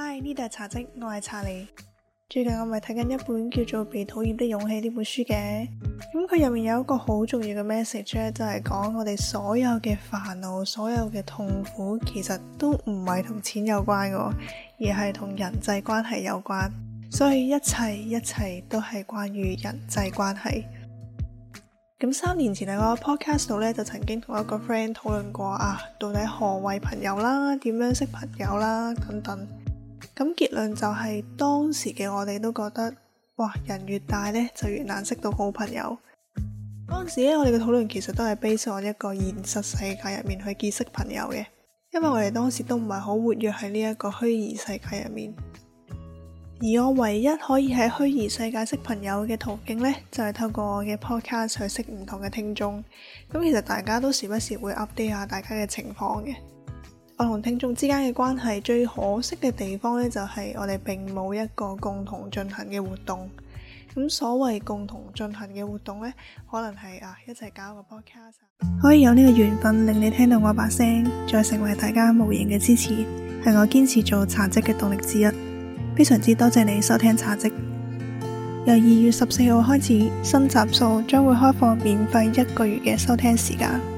Hi，呢度係茶嘖，我係查理。最近我咪睇緊一本叫做《被討厭的勇氣》呢本書嘅。咁佢入面有一個好重要嘅 message 咧，就係講我哋所有嘅煩惱、所有嘅痛苦，其實都唔係同錢有關嘅，而係同人際關係有關。所以一切一切都係關於人際關係。咁三年前喺我 podcast 度咧，就曾經同一個 friend 討論過啊，到底何為朋友啦？點樣識朋友啦？等等。咁結論就係當時嘅我哋都覺得，哇，人越大呢就越難識到好朋友。當時咧我哋嘅討論其實都係 base 喺一個現實世界入面去結識朋友嘅，因為我哋當時都唔係好活躍喺呢一個虛擬世界入面。而我唯一可以喺虛擬世界識朋友嘅途徑呢，就係透過我嘅 podcast 去識唔同嘅聽眾。咁其實大家都時不時會 update 下大家嘅情況嘅。我同聽眾之間嘅關係最可惜嘅地方呢，就係我哋並冇一個共同進行嘅活動。咁所謂共同進行嘅活動呢，可能係啊一齊搞個 podcast，可以有呢個緣分令你聽到我把聲，再成為大家無形嘅支持，係我堅持做茶職嘅動力之一。非常之多謝你收聽茶職。由二月十四號開始，新集數將會開放免費一個月嘅收聽時間。